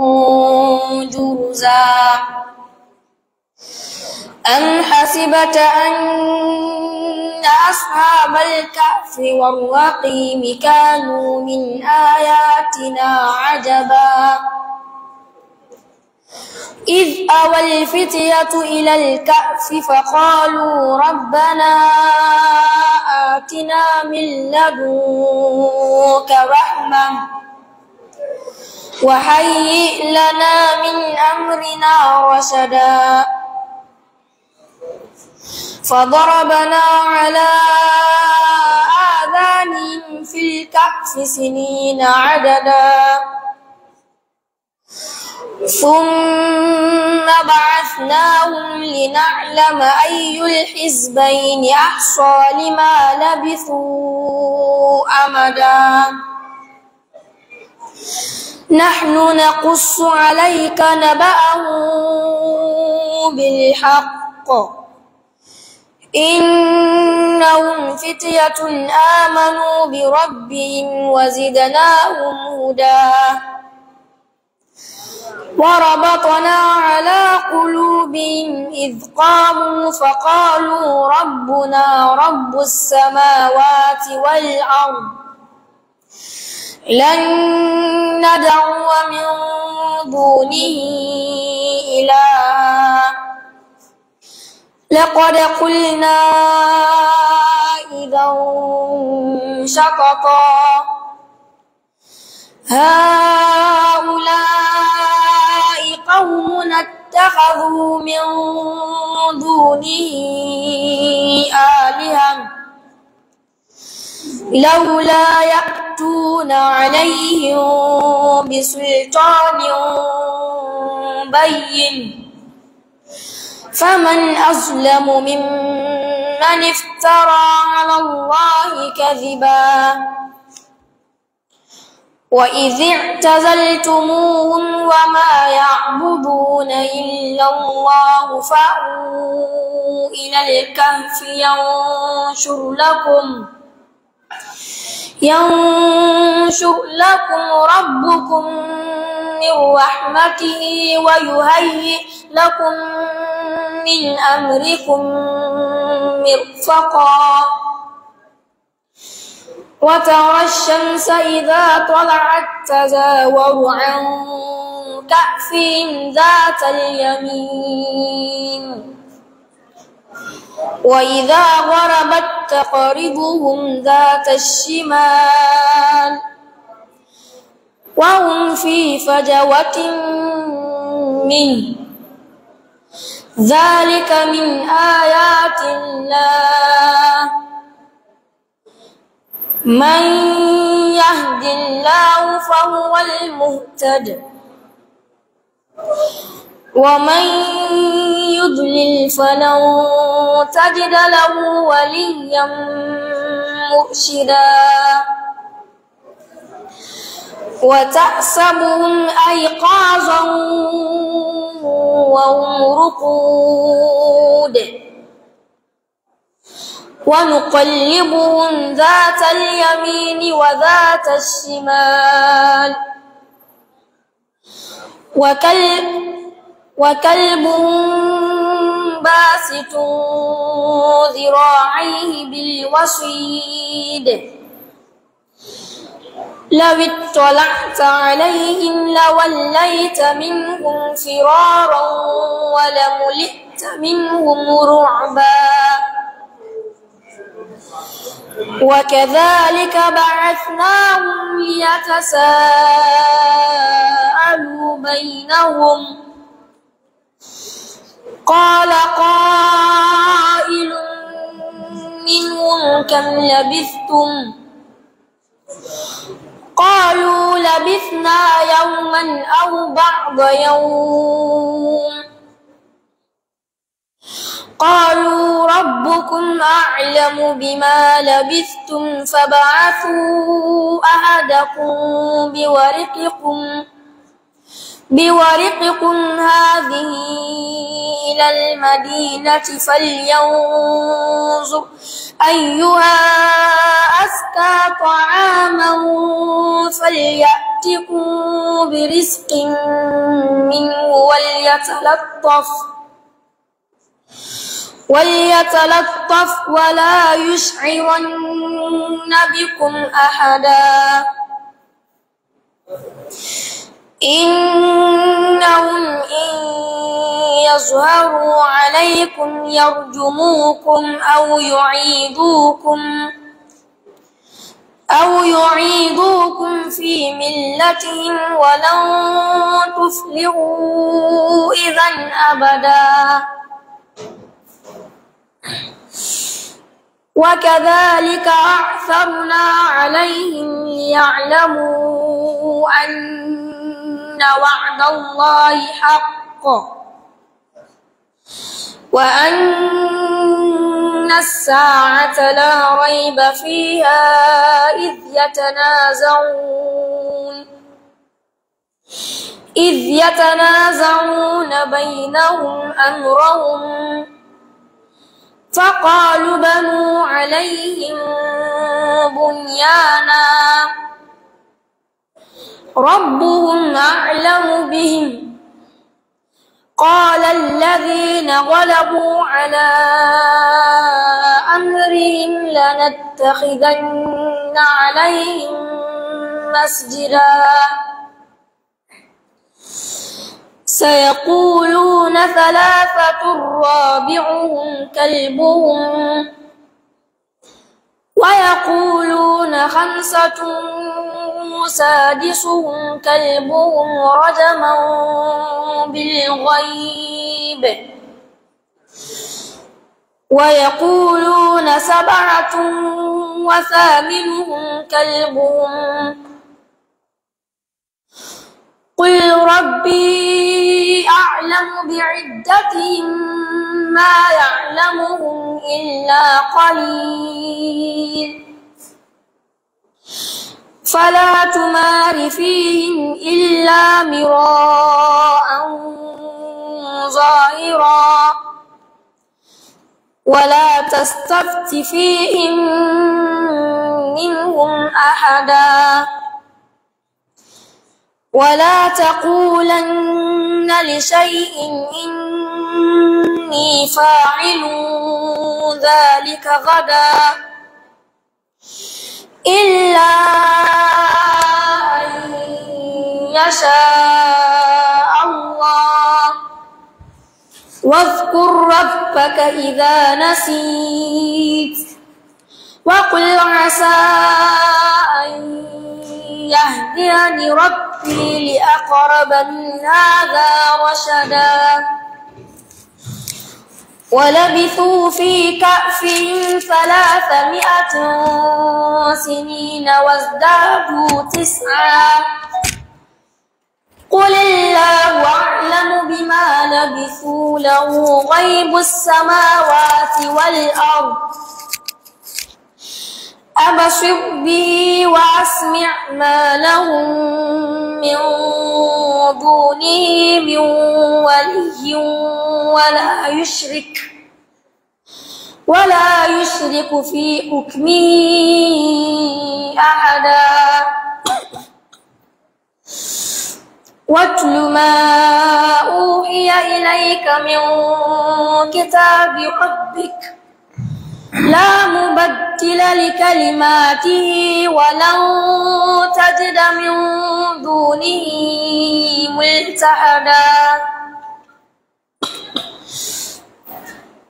جرزا أم حسبت أن أصحاب الكهف والرقيم كانوا من آياتنا عجبا إذ أوى الفتية إلى الكهف فقالوا ربنا آتنا من لدنك رحمة وهيئ لنا من أمرنا رشدا فضربنا على آذانهم في الكهف سنين عددا ثم بعثناهم لنعلم أي الحزبين أحصى لما لبثوا أمدا نحن نقص عليك نبأه بالحق إنهم فتية آمنوا بربهم وزدناهم هدى وربطنا على قلوبهم إذ قاموا فقالوا ربنا رب السماوات والأرض لن ندعو من دونه إلها لقد قلنا إذا شططا هؤلاء قوم اتخذوا من دونه آلهة لولا يأتون عليهم بسلطان بين فمن أظلم ممن افترى على الله كذبا وإذ اعتزلتموهم وما يعبدون إلا الله فأووا إلى الكهف ينشر لكم ينشر لكم ربكم من رحمته ويهيئ لكم من أمركم مرفقا وترى الشمس إذا طلعت تزاور عن كأفهم ذات اليمين وإذا غربت تقربهم ذات الشمال وهم في فجوة منه ذلك من آيات الله من يهد الله فهو المهتد ومن يضلل فلن تجد له وليا مرشدا وتحسبهم أيقاظا وهم رقود ونقلبهم ذات اليمين وذات الشمال وكلب وكلب باسط ذراعيه بالوسيد لو اطلعت عليهم لوليت منهم فرارا ولملئت منهم رعبا وكذلك بعثناهم ليتساءلوا بينهم قال قائل منهم كم لبثتم قالوا لبثنا يوما أو بعض يوم قالوا ربكم أعلم بما لبثتم فبعثوا أحدكم بورقكم بورقكم هذه إلى المدينة فلينظر أيها أزكى طعاما فليأتكم برزق منه وليتلطف وليتلطف ولا يشعرن بكم أحدا إنهم إن يظهروا عليكم يرجموكم أو يعيدوكم أو يعيدوكم في ملتهم ولن تفلحوا إذا أبدا وكذلك أعثرنا عليهم ليعلموا أن وعد الله حق وأن الساعة لا ريب فيها إذ يتنازعون إذ يتنازعون بينهم أمرهم فقالوا بنوا عليهم بنيانا ربهم أعلم بهم قال الذين غلبوا على أمرهم لنتخذن عليهم مسجدا سيقولون ثلاثة رابعهم كلبهم ويقولون خمسة سادسهم كلبهم رجما بالغيب ويقولون سبعة وثامنهم كلبهم قل ربي أعلم بعدتهم ما يعلمهم إلا قليل فلا تمار فيهم إلا مراء ظاهرا ولا تستفت فيهم منهم أحدا ولا تقولن لشيء إني فاعل ذلك غدا إلا أن يشاء الله واذكر ربك إذا نسيت وقل عسى هديان ربي لأقرب من هذا رشدا ولبثوا في كأف ثلاثمائة سنين وازدادوا تسعا قل الله أعلم بما لبثوا له غيب السماوات والأرض أبصر به وأسمع ما لهم من دونه من ولي ولا يشرك ولا يشرك في حكمه أحدا واتل ما أوحي إليك من كتاب ربك لا مبدل لكلماته ولن تجد من دونه ملتحدا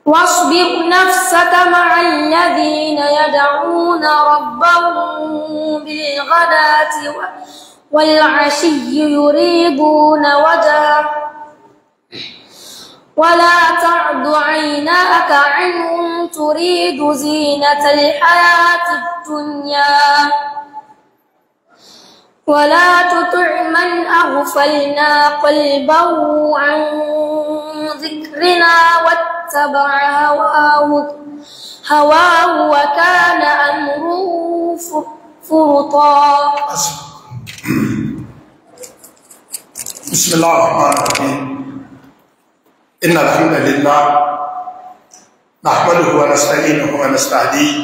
واصبر نفسك مع الذين يدعون ربهم بالغداة والعشي يريدون وجهه ولا تعد عيناك عنهم تريد زينة الحياة الدنيا ولا تطع من أغفلنا قلبه عن ذكرنا واتبع هواه هواه وكان أمره فرطا بسم الله الرحمن الرحيم إن الحمد لله نحمده ونستعينه ونستهديه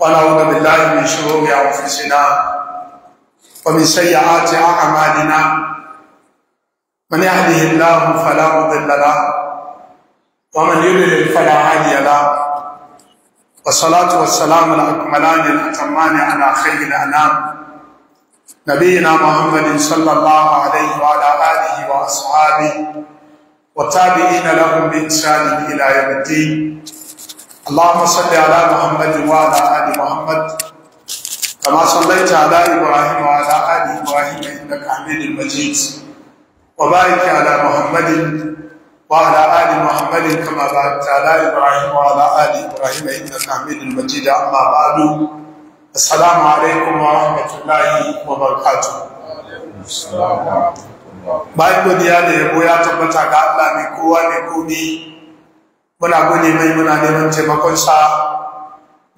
ونعوذ بالله من شرور أنفسنا ومن سيئات أعمالنا من يهده الله فلا مضل له ومن يضلل فلا هادي له والصلاة والسلام الأكملان الأتمان على خير الأنام نبينا محمد صلى الله عليه وعلى آله وأصحابه والتابعين لهم بإحسان إلى يوم الدين اللهم صل على محمد وعلى آل محمد كما صليت على إبراهيم وعلى آل إبراهيم إنك حميد مجيد وبارك على محمد وعلى آل محمد كما باركت على إبراهيم وعلى آل إبراهيم إنك حميد مجيد أما بعد السلام عليكم ورحمة الله وبركاته. السلام عليكم. bayan godiya da yabo ya tabbata ga Allah mai kowa mai komi muna gode mai muna neman taimakonsa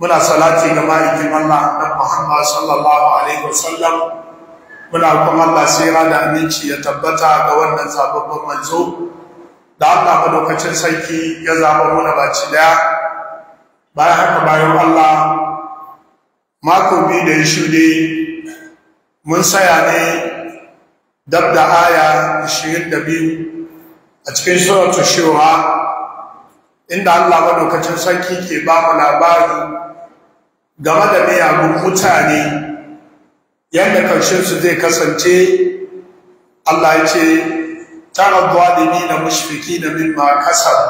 muna salati ga ma'aikin Allah na Muhammad sallallahu alaihi wasallam muna kuma Allah sira da aminci ya tabbata ga wannan sababbin manzo da Allah madaukacin sarki ya zaba muna baci daya bayan haka bayan Allah mako biyu da ya shuɗe mun saya ne dab da aya 22 a cikin suratul shura inda Allah madaukacin sarki ke ba mu labari game da miyagun mutane yadda karshen su zai kasance Allah ya ce tara da min mimma kasab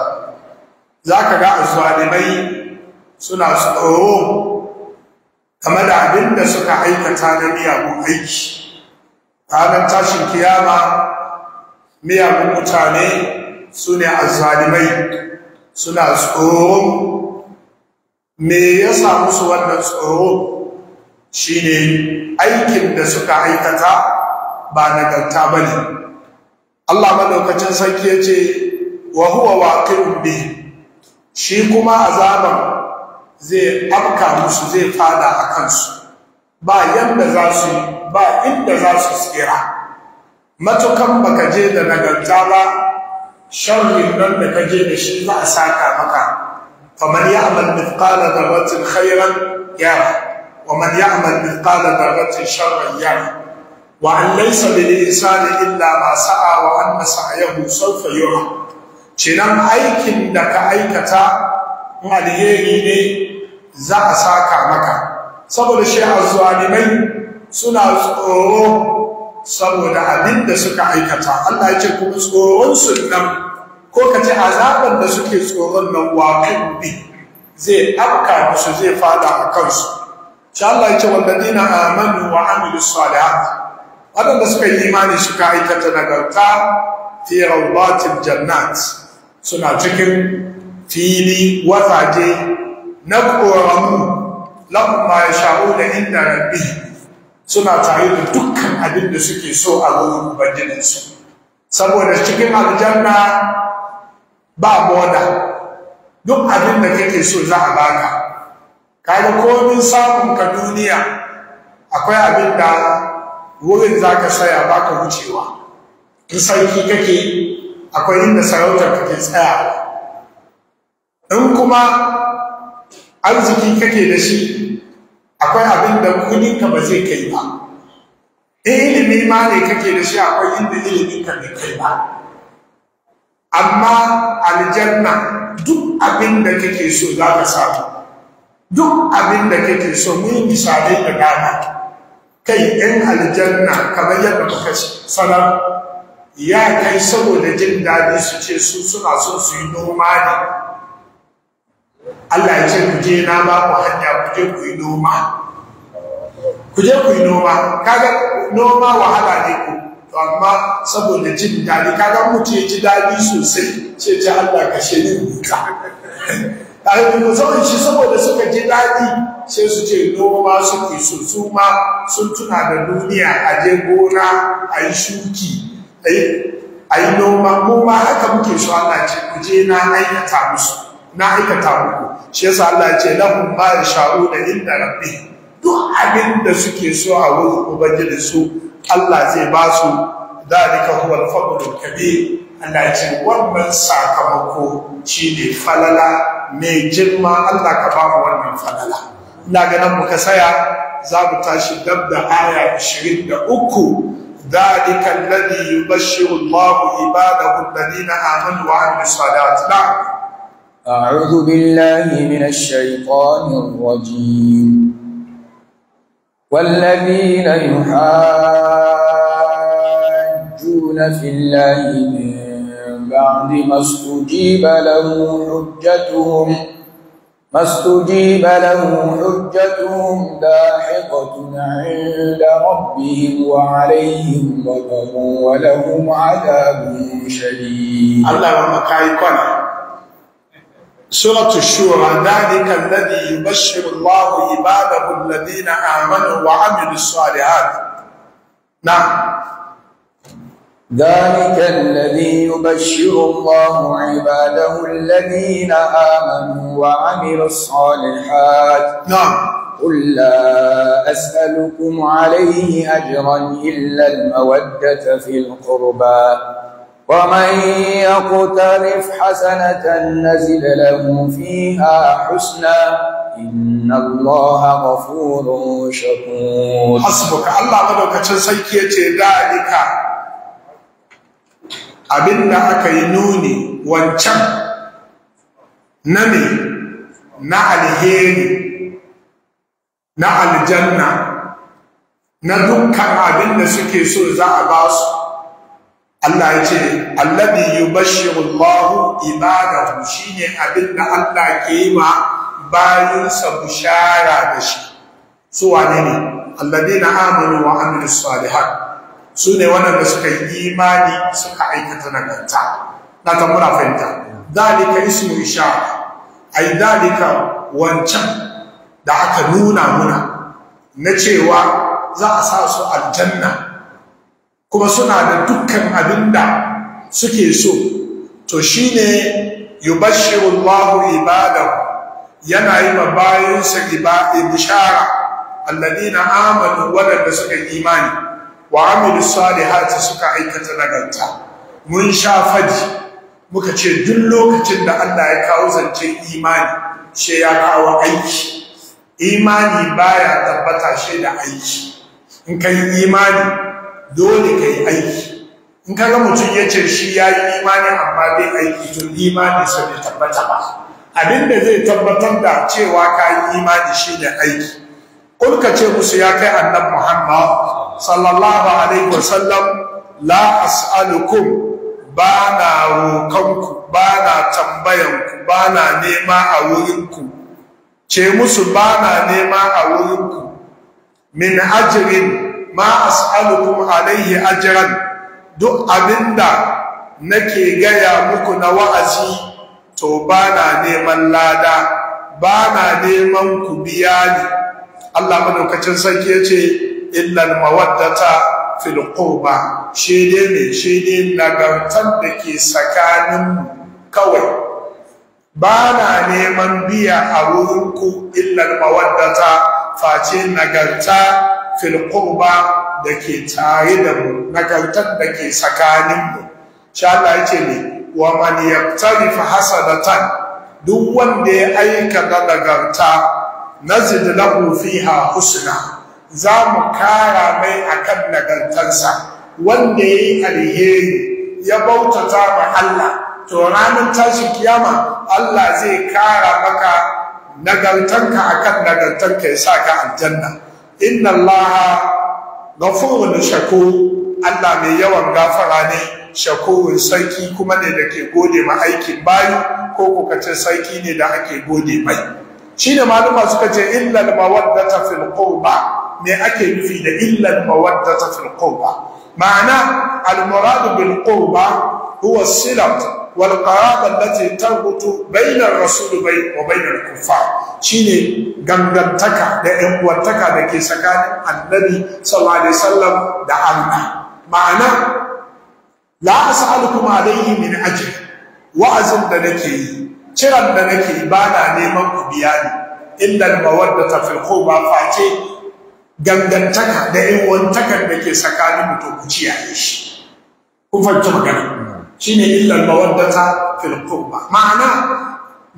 zaka ga azzalimai suna tsoro game da abin da suka aikata na miyagun aiki ranar tashin kiyama miyagun mutane su ne zalimai suna tsoro me ya sa musu wannan tsoro shi ne aikin da suka aikata ba nagarta ba ne allah maɗaukacin sarki ya ce wa huwa waƙin shi kuma azaban zai afka musu zai fada a kansu ba yadda za su ba inda za su tsira matukan baka je da nagarta ba sharrin nan da ka je da shi za a saka maka faman ya'mal mithqala dharratin khairan yara wa man ya'mal mithqala dharratin sharran yara wa an laysa lil insani illa ma sa'a wa anna sa'yahu sawfa yura cinan aikin da ka aikata alheri ne za a saka maka saboda shi azzalimai suna tsoro saboda abin da suka aikata Allah ya ce kuma tsoron su nan ko ka ce azaban da suke tsoron nan waƙin bi zai afka musu zai fada a kansu shi Allah ya ce walladina amanu wa amilu salihat waɗanda suka yi imani suka aikata nagarta fi rawdatil jannat suna cikin fili wazaje na koramu lamma ya sha'u da inda rabbi suna tare da dukkan abin da suke so a wurin ubangijinsu saboda cikin aljanna ba boda duk abin da kake so za a baka kaga komin samun ka duniya akwai abin da wurin za ka saya baka wucewa in sarki kake akwai inda sarautar kake tsaya in kuma arziki kake da shi akwai abin da ka ba zai kai ba eh, ilimi ma ne kake da shi akwai inda iliminka bai kai ba amma aljanna duk abin da kake so za ka samu duk abin da kake so mun misalai da dama kai yan aljanna kamar yadda muka sanar ya kai saboda jin daɗi su ce su suna son su yi noma ne Allah ya ce kuje na ba ku hanya kuje ku yi noma kuje ku yi noma kaga noma wahala ne ku to amma saboda jin daɗi kaga mutu ya ji daɗi sosai ce ji Allah ka shiri buta ɗalibin zaman shi saboda suka ji daɗi sai su ce noma su so su ma sun tuna da duniya a je gona a yi shuki eh, a yi noma mu ma haka muke so Allah ce kuje na aikata musu na aikata muku shi yasa Allah ya ce lahum ma sha'u da inda rabbi duk abin da suke so a wurin ubangiji su Allah zai ba su dalika huwa al-fadlul kabir Allah ya ce wannan sakamako shine falala mai jimma Allah ka ba mu wannan falala ina ganin muka saya za mu tashi dab da aya 23 ذلك الذي يبشر الله na الذين wa وعملوا الصالحات نعم أعوذ بالله من الشيطان الرجيم والذين يحاجون في الله من بعد ما استجيب له حجتهم ما استجيب له حجتهم داحقة عند ربهم وعليهم غضب ولهم عذاب شديد الله ما كان سورة الشورى ذلك الذي يبشر الله عباده الذين آمنوا وعملوا الصالحات نعم ذلك الذي يبشر الله عباده الذين آمنوا وعملوا الصالحات نعم قل لا أسألكم عليه أجرا إلا المودة في القربى ومن يقترف حسنة نزل له فيها حسنا إن الله غفور شكور حسبك الله مدوك تنسيكي ذلك abin da aka yi nuni wancan na ne na alheri na aljanna na dukkan abin da suke so za a ba su Allah ya ce alladhi yubashshiru Allahu ibadahu shine abin da Allah ke yi ma bayansa bushara da shi su wane ne na amanu wa amilus salihat su ne waɗanda suka yi imani suka aikata ganta. na ta muna fahimta dalika ismu ishara ai dalika wancan da aka nuna muna na cewa za a sa su aljanna kuma suna da dukkan abin da suke so to shine yubashshiru Allahu ibadahu yana yi ma bayansa bishara alladina amanu wadanda suka imani wa amilu salihati suka aikata nagarta mun sha faji muka ce duk lokacin da Allah ya kawo zancen imani she ya kawo aiki imani baya tabbata she da aiki in kai imani dole ka yi aiki in ka ga mutum ya ce shi ya yi imani amma bai aiki to imani sa bai tabbata ba abin zai tabbatar da cewa ka yi imani shi ne aiki kun ka ce musu ya kai annab muhammad sallallahu alaihi wasallam la as'alukum ba na roƙonku ba na tambayanku ba na nema a wurinku ce musu ba na nema a wurinku min ajirin ma as'alukum alaihi ajran duk abinda nake gaya muku na wa'azi to bana neman lada bana neman ku biya ni Allah lokacin sarki yace illal mawaddata fil qurba shede ne shede nagartar da ke tsakanin kawai bana neman biya a wurin ku illal mawaddata face nagarta fil da ke tare da mu nagartar da ke tsakanin mu sha Allah ne wa man yaqtarif hasadatan duk wanda ya aika da nagarta nazid lahu fiha husna za mu kara mai akan nagartarsa wanda ya yi alheri ya bautata ma Allah to ranar tashi kiyama Allah zai kara maka nagartanka akan nagartanka ya saka aljanna inna allaha ghafurun shakur Allah mai yawan gafara ne shakurin sarki kuma ne da ke gode ma aikin bayi ko kuka ce sarki ne da ake gode mai shi ne maluma suka ce illal mawaddata fil qurba me ake nufi da illal mawaddata fil qurba ma'ana al murad bil qurba huwa silat wal qaraba allati tarbutu bainar rasulu rasul wa bayna al-kuffar shine gangantaka da yan uwantaka da ke tsakanin annabi sallallahu alaihi da Allah ma'ana la as'alukum alayhi min aji wa'azin da nake yi ciran da nake ba na neman ku biya ni illa al-mawaddata fil ba face gangantaka da yan uwantakan da ke tsakanin mutum ku ciyaye shi kun fahimci magana shine illal mawaddata fil qurba ma'ana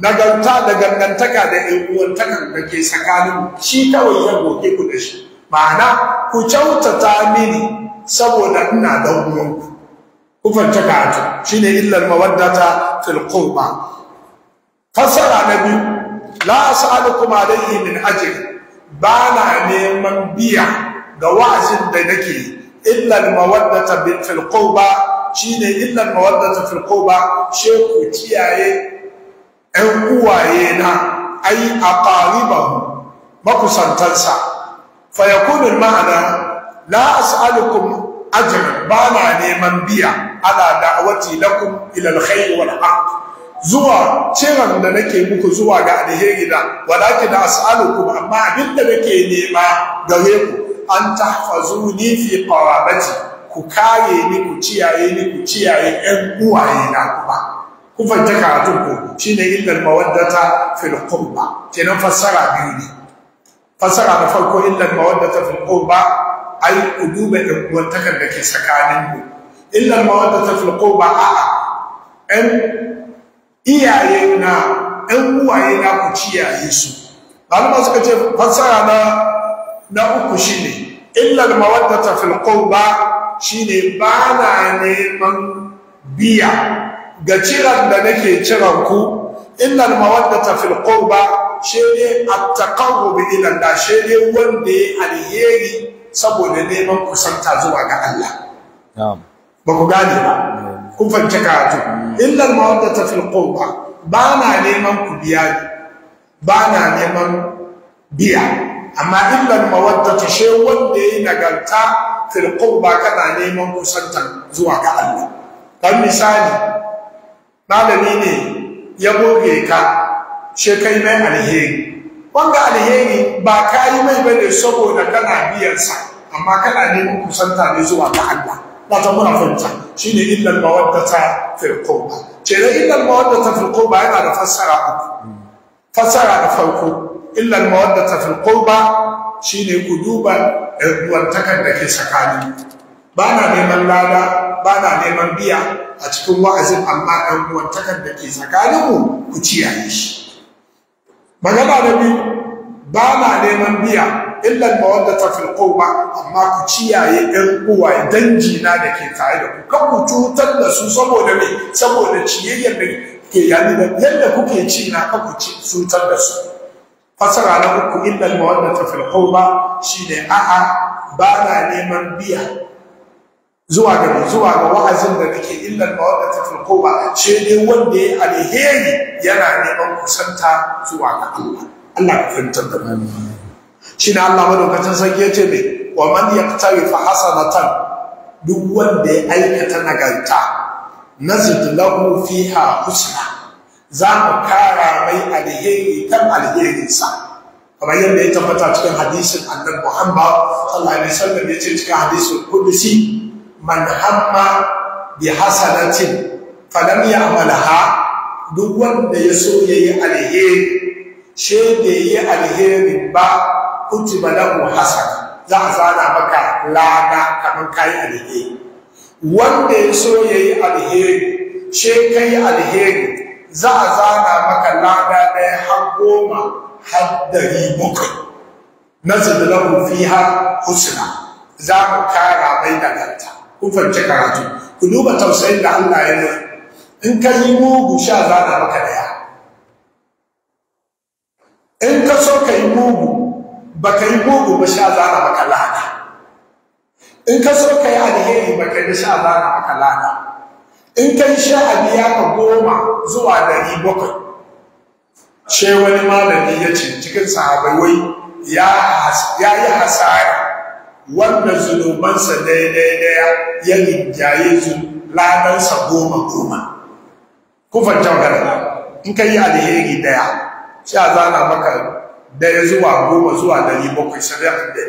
nagarta da gangantaka da ɗan'uwantakan da ke tsakanin shi kawai ya goge ku da shi ma'ana ku kyautata mini saboda ina dan uwanku ku fanta shi shine illal mawaddata fil qurba fasara na biyu la as'alukum alayhi min aji ba na neman biya ga wa'azin da nake illal mawaddata bil fil qurba shine illan mawaddata fil she sheku kiyaye ɗan uwaye na ai aqaribahu makusantansa fa yakunu ma'ana la as'alukum ajr ba na neman biya ala da'awati lakum ila alkhair wal haqq zuwa ciran da nake muku zuwa ga alheri da walakin as'alukum amma abin da nake nema gare ku an tahfazuni fi qarabati ku kaye ni ku ciyaye ni ku ciyaye ƴan uwaye na kuma ku fanta karatun ku ne illar mawaddata fil qurba kenan fassara biyu ne fassara na farko illar mawaddata fil qurba ay ku da ɗan uwantakar da ke tsakanin ku illar mawaddata fil qurba a'a ƴan iyaye na ƴan uwaye na ku ciyaye su malama suka ce fassara na na uku ne. illar mawaddata fil qurba shine bana neman biya ga ciran da nake ciran ku innal mawaddata fil qurba shine at-taqarrub ila Allah shine wanda ya alheri saboda neman kusanta zuwa ga Allah ba ku gane ba kun fahimci karatu mm. illal mawaddata fil qurba ba na neman ku biya ba neman biya amma illal mawaddata she wanda ya nagarta fil qurba kana neman kusantar zuwa ga Allah dan misali malami ne ya goge ka she kai mai alheri wanga alheri ba ka yi mai ba ne saboda kana biyarsa, amma kana neman kusanta ne zuwa ga Allah na ta muna fahimta shine illal mawaddata fil qurba Cere da illal ta fil qurba yana da fassara uku fassara da farko illal mawaddata fil qurba shine ku duba takar da ke tsakani ba na neman lada ba na neman biya a cikin wa'azin amma ɗan takar da ke tsakaninmu ku ciyaye shi magana da biyu ba na neman biya illan mawaddata fil ba, amma ku ciyaye ɗan uwa danji na da ke tare da ku kan ku cutar da su saboda me saboda ciyayyar da ke da yadda kuke ci na kan ku cutar da su fasara na uku illal mawaddata fil shi ne a'a ba na neman biya zuwa ga zuwa ga wa'azin da nake illal mawaddata fil ba shi ne wanda ya alheri yana neman kusanta zuwa ga Allah Allah ka fahimtar da mu ne Allah madaukakin sarki yace ne wa man yaqtawi fa hasanatan duk wanda ya aikata nagarta nazid lahu fiha husna za mu kara mai alheri kan alherinsa kamar yadda ya tabbata cikin hadisin annan muhammad sallallahu alaihi wasallam ya ce cikin hadisin kudusi man hamma bi hasanatin falam ya'malha duk wanda ya so yayi alheri she da yi alheri ba na lahu hasana za a zana maka lada kamar kayi alheri wanda ya so yayi alheri she kai alheri za a zana maka lada ɗaya har goma har dari bakwai nazar lahu har husna za mu kara mai nagarta kun fahimci karatu ku duba tausayin da Allah ya nuna in ka yi mugu sha zana maka ɗaya in ka so ka yi mugu ba ka yi mugu ba sha zana maka lada in ka so ka yi alheri ba ka yi sha zana maka lada in kai sha a biya ka goma zuwa dari bakwai ce wani malami ya ce cikin sahabai wai ya yi hasara wanda zunubansa daidai daya ya rinjaye su ladansa goma goma kufar jangara in ka yi alheri daya sha zana maka daya zuwa goma zuwa dari bakwai shari'a da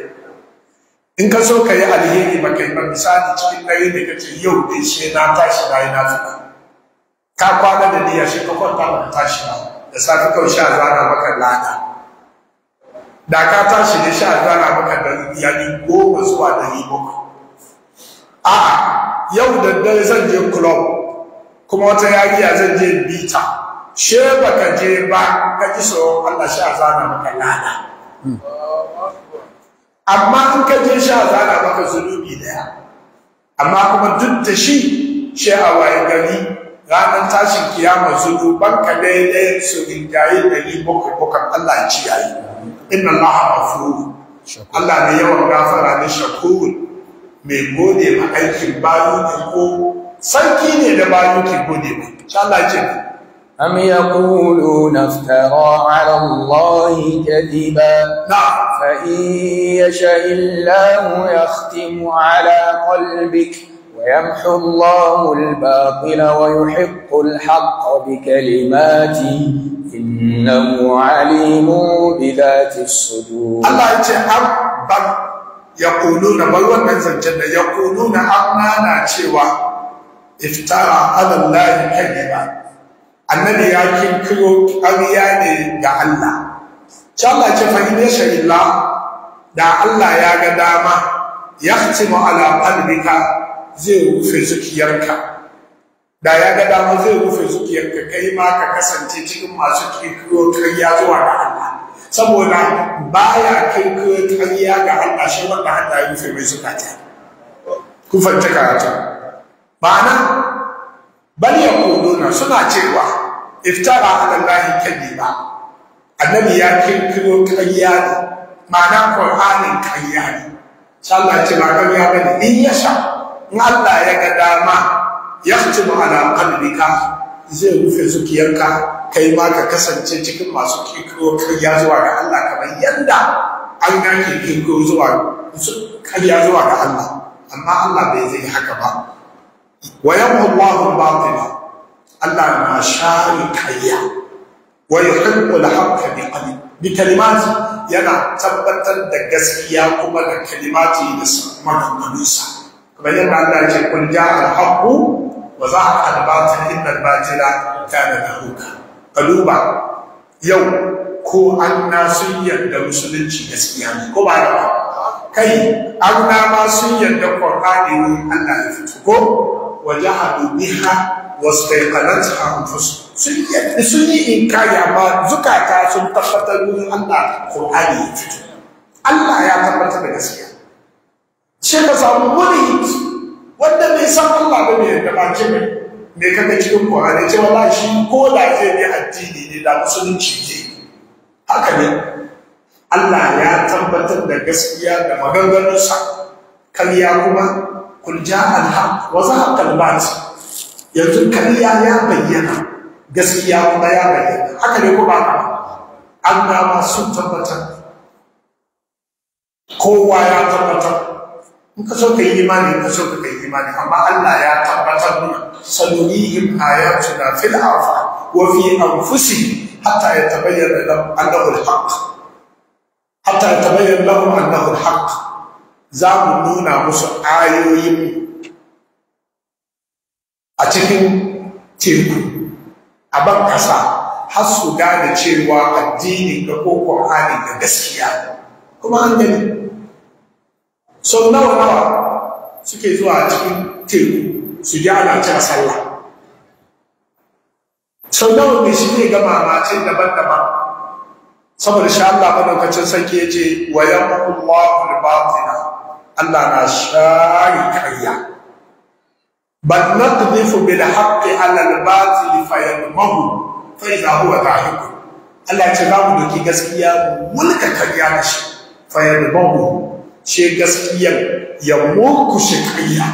in ka so ka yi alheri ba ka yi ba misali cikin ɗari da ka ce yau dai sai na tashi na yi na fita ka kwana da niyya shi ka kwanta ba tashi ba da safi kawai sha zana maka lada da ka tashi ne sha zana maka da yani goma zuwa yi muku a'a yau da dare zan je club kuma wata yariya zan je bita she baka je ba ka ji so Allah sha zana maka lada hmm. amma in ka je sha zana maka zunubi daya amma kuma duk da shi shi a waye gari ranar tashin kiyama zulu, banka daidai su rinjaye ɗari bakwai bakwai Allah ya ci yayi inna Allah ghafuru Allah ne yawan gafara ne shakurun mai gode ma aikin bayu ne ko sarki ne da bayu ke gode ma insha ya ce أم يقولون افترى على الله كذبا نعم فإن يشاء الله يختم على قلبك ويمحو الله الباطل ويحق الحق بكلماته إنه عليم بذات الصدور الله يتحب يقولون بل من الجنة يقولون أمانا شوى افترى على الله كذبا annabi ya kinkiro ƙarya ne ga Allah Allah ce fa in da Allah ya ga dama ya ci ala qalbika zai rufe zukiyarka da ya ga dama zai rufe zukiyarka kai ma ka kasance cikin masu kinkiro ƙarya zuwa ga Allah saboda ba baya kinkiro ƙarya ga Allah shi wanda Allah ya rufe mai zukata kun fanta karatu ma'ana bal yaquluna suna cewa iftara ala allahi ba. annabi ya kirkiro ƙarya ne ma'ana qur'anin ƙarya ne sai ce ba ƙarya in ya sha in Allah ya ga dama yaktubu ala qalbika zai rufe zukiyarka kai ma ka kasance cikin masu kirkiro ƙarya zuwa ga Allah kamar yadda an ga kirkiro zuwa ƙarya zuwa ga Allah amma Allah bai zai haka ba wa yamhu Allahu batila Allah na share kariya wa yuhibbu al-haqqa bi bi kalimati yana tabbatar da gaskiya kuma da kalimati da maganganun kamar yadda Allah ya ce kun ja al-haqqu wa zahaqa al-batil inna al-batila kana zahuqa kaduba yau ko an na sun yarda musulunci gaskiya ne ko ba kai an na ma sun yarda qur'ani Allah ya fito ko wa jahadu biha wastaiqanatha anfusuhum sun yi sun kaya ba zukata sun tabbatar wurin Allah Qur'ani ya fito Allah ya tabbatar da gaskiya shi ka samu wani wanda bai san Allah ba mai da baki mai me kaga cikin Qur'ani ce wallahi ko da ce ne addini ne da musulunci ne haka ne Allah ya tabbatar da gaskiya da maganganunsa karya kuma قل جاء الحق وزهق الباطل يعني كليا يا بينا غسيا ويا بينا حتى يكون بعد أما ما سنتبت قوة يا تبت إنك سوك إيمان إنك سوك إيمان أما الله يا تبت سنريهم آياتنا في الأرض وفي أنفسهم حتى يتبين لهم أنه الحق حتى يتبين لهم أنه الحق za mu nuna musu ayoyin a cikin teku a ban kasa har su gane cewa addini ga ko Qur'ani ga gaskiya kuma an gani sau nawa nawa suke zuwa cikin teku su ji ana cin sallah sau nawa ne shi ne a mamacin daban-daban saboda sha Allah madaukakin sarki ya ce wa yamma Allahu al-batina Allah na shari karya bal naqdhifu bil haqqi ala al batil fa yadmahu fa idha huwa zahiq Allah ya ce za mu doki gaskiya mulka karya da shi fa yadmahu ce gaskiyar ya murkushe karya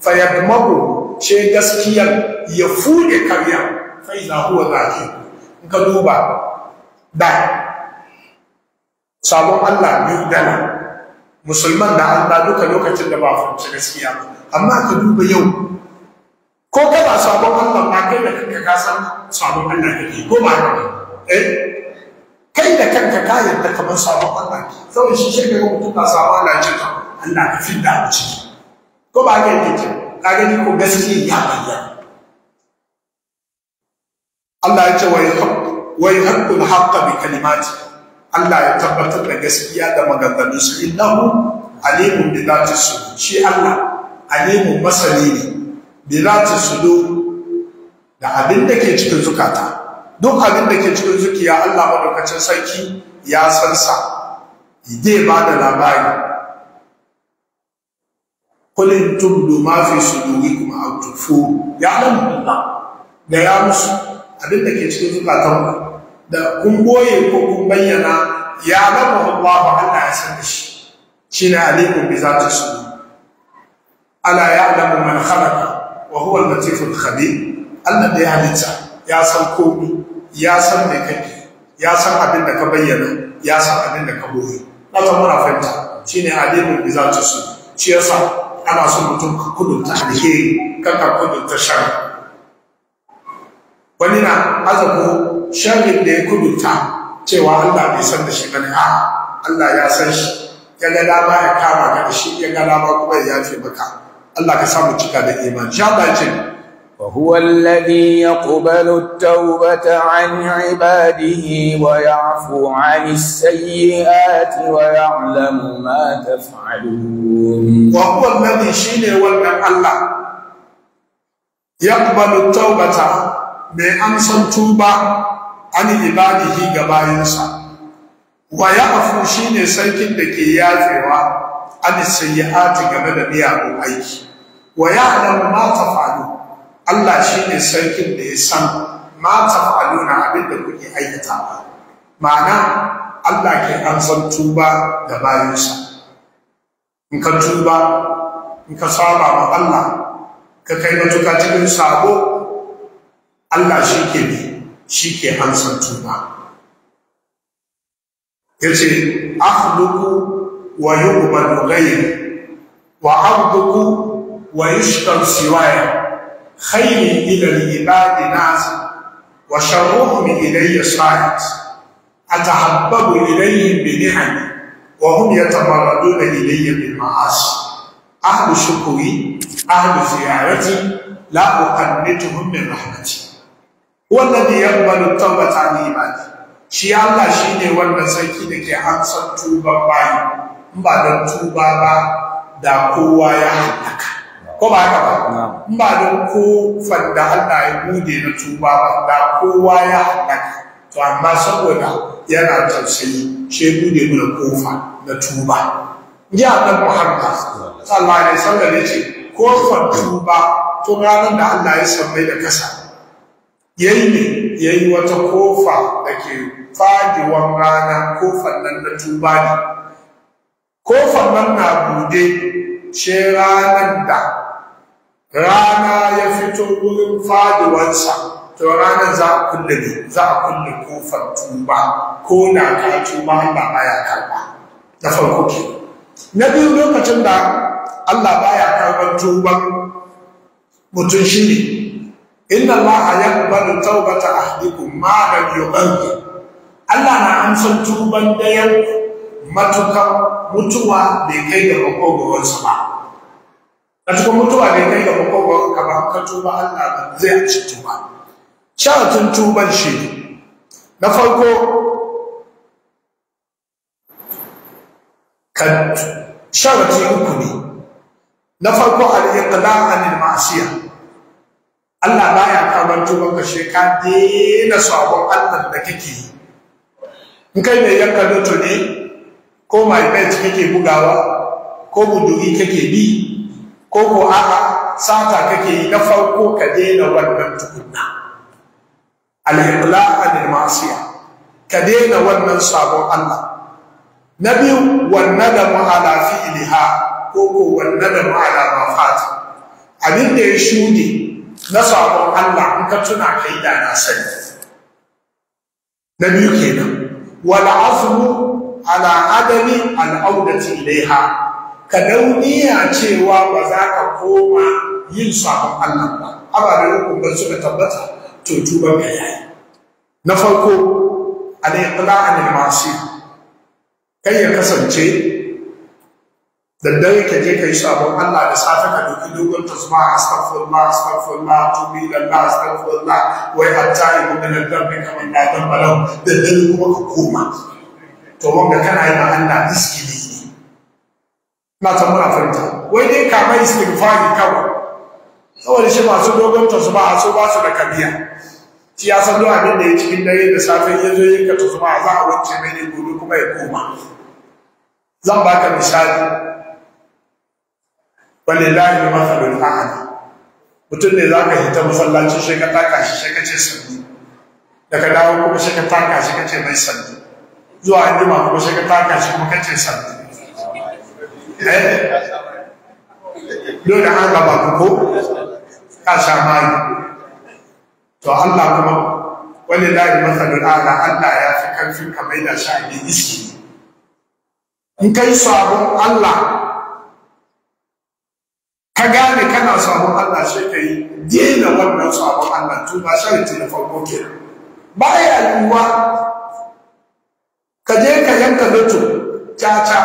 fa yadmahu ce gaskiyar ya fude karya fa idha huwa zahiq ka duba da sabon Allah biyu dana musulman da an da duka lokacin da ba fahimci gaskiya amma ka duba yau ko ka ba sabon Allah ba kai da kanka ka san sabon Allah kake ko ba ka eh kai da kanka ka yarda ka kamar sabon Allah ke saboda shi shi ga mutum na sabon Allah ce ka Allah ka fidda a ciki ko ba ka yake ka gani ko gaskiya ya bayya Allah ya ce wa yuhaqqu al-haqqa bi kalimatihi Allah ya tabbatar da gaskiya da maganganun su innahu alimun bi zati sudur shi Allah alimun masani ne bi zati sudur da abin da ke cikin zukata duk abin da ke cikin zukiya Allah madaukacin sarki ya san sa zai ba da labari kulin tubdu ma fi kuma aw tufu ya Allah da ya musu abin da ke cikin zukatan ku da kun boye ko kun bayyana ya lama Allah Allah ya san shi shine alimun bi zati su ala ya'lamu man khalaqa wa huwa al-latif al-khabir Allah da ya halitta ya san komai ya san me kake ya san abin da ka bayyana ya san abin da ka boye Allah muna fahimta shine alimun bi zati su shi yasa ana son mutum ka kudunta alheri kaka kudunta sharri wani na azabu sharrin da ya ta cewa Allah bai san da shi bane a Allah ya san shi ya ga dama ya kama ka da shi ya ga dama kuma ya fi maka Allah ka samu cika da iman sha Allah ce وهو الذي يقبل التوبة عن عباده ويعفو عن السيئات ويعلم ما تفعلون وهو الذي شيني والمن الله يقبل التوبة mai amsan tuba an ibadihi ga bayansa wa ya'fu shine sarkin da ke yatsewa an sayyi'ati game da miyagun aiki wa ya'lamu ma taf'alu Allah shine sarkin da ya san ma na abin da kuke aikatawa ma'ana Allah ke amsan tuba da bayansa in ka tuba in ka saba ma Allah ka kai matuka cikin sabo Allah shi ke bi shi ke amsan tuba ya ce ahluku wa yuqbalu ghayri wa abduku wa yushkar siwaya khayri ila al-ibadi nas wa sharruhum ilayya sa'id atahabbabu ilayhim bi ni'ami wa hum yatamarraduna ilayya ma ma'asi ahlu shukuri, ahlu ziyarati la uqannituhum min rahmati wallazi yaqbalu tawbata an ibadi shi Allah shine wannan sarki da ke hansar tuban bayi in ba don tuba ba da kowa ya halaka ko ba haka ba in ba don kofar da Allah ya bude na tuba ba da kowa ya halaka to amma saboda yana tausayi shi bude mana kofa na tuba ya annabi Muhammad sallallahu alaihi wasallam ce kofar tuba to ranar da Allah ya sammai da kasa yayi ne yayi wata kofa da ke fadiwan rana kofan nan na tuba ne kofan nan na bude ce ranar da rana ya fito wurin fadiwansa to ranar za a kulle ne za a kulle kofar tuba ko na ka tuba a ya karba na farko ke na biyu lokacin da Allah baya karban tuban mutum shi ne inna allaha yaqbalu tawbata ahdikum ma lam yughadhir Allah na amsan tuban dayan matukan mutuwa bai kai da ga makogoronsa ba a cikin mutuwa bai kai da ga makogoron ka ba ka tuba Allah ba zai a ci tuba sharatin tuban shi na farko kan sharati uku ne na farko al-iqla' anil ma'siyah Allah baya karban tuban ka she ka daina sabon Allah da kake yi in kai mai yanka noto ko mai bet kake bugawa ko buduri kake bi ko ko a'a sata kake yi na farko ka daina wannan tukunna al-iqla'a lil ma'siyah ka daina wannan sabon Allah na biyu wanne da ma'ala fi'liha ko ko wanne da ma'ala mafat abin da ya shude na sabon Allah in ka tuna ka yi na sani na biyu kenan wal azmu ala adami al ilaiha ka dauniya cewa ba za ka koma yin sabon Allah ba ababen hukumar suka tabbata to tuban ka yayi na farko al iqla an al ma'asi kai ya kasance daddare ka je ka yi sabon Allah da safe ka ɗauki dogon tasma astaghfirullah astaghfirullah tubi ilallah astaghfirullah wai hatta yi mutum da dambe kamar na dan balau daddare kuma ka koma to wanda kana yi ma Allah iskili ne na ta muna fahimta wai dai kama istighfari kawai saboda shi masu dogon tasma a so ba su da kabiya shi ya san duk da cikin dare da safe ya zo yin ka tasma za a wuce mai ne gobe kuma ya koma zan baka misali walillahi al-mathalul a'la mutum ne za ka hita masallaci sai ka taka shi sai ka ce sannu daga dawo kuma sai ka taka shi ka ce mai sannu zuwa an jima kuma sai ka taka shi kuma ka ce sannu eh? dole an gaba ku ko ka sha mayu to Allah kuma wani lahi matsalul ala Allah ya fi karfin kamaida mai shi a iski in kai sabon Allah ka gane kana sabon Allah sai ka yi dina wannan sabon Allah tun ba shariti na farko ke ba ya yiwuwa ka je ka yanka zato caca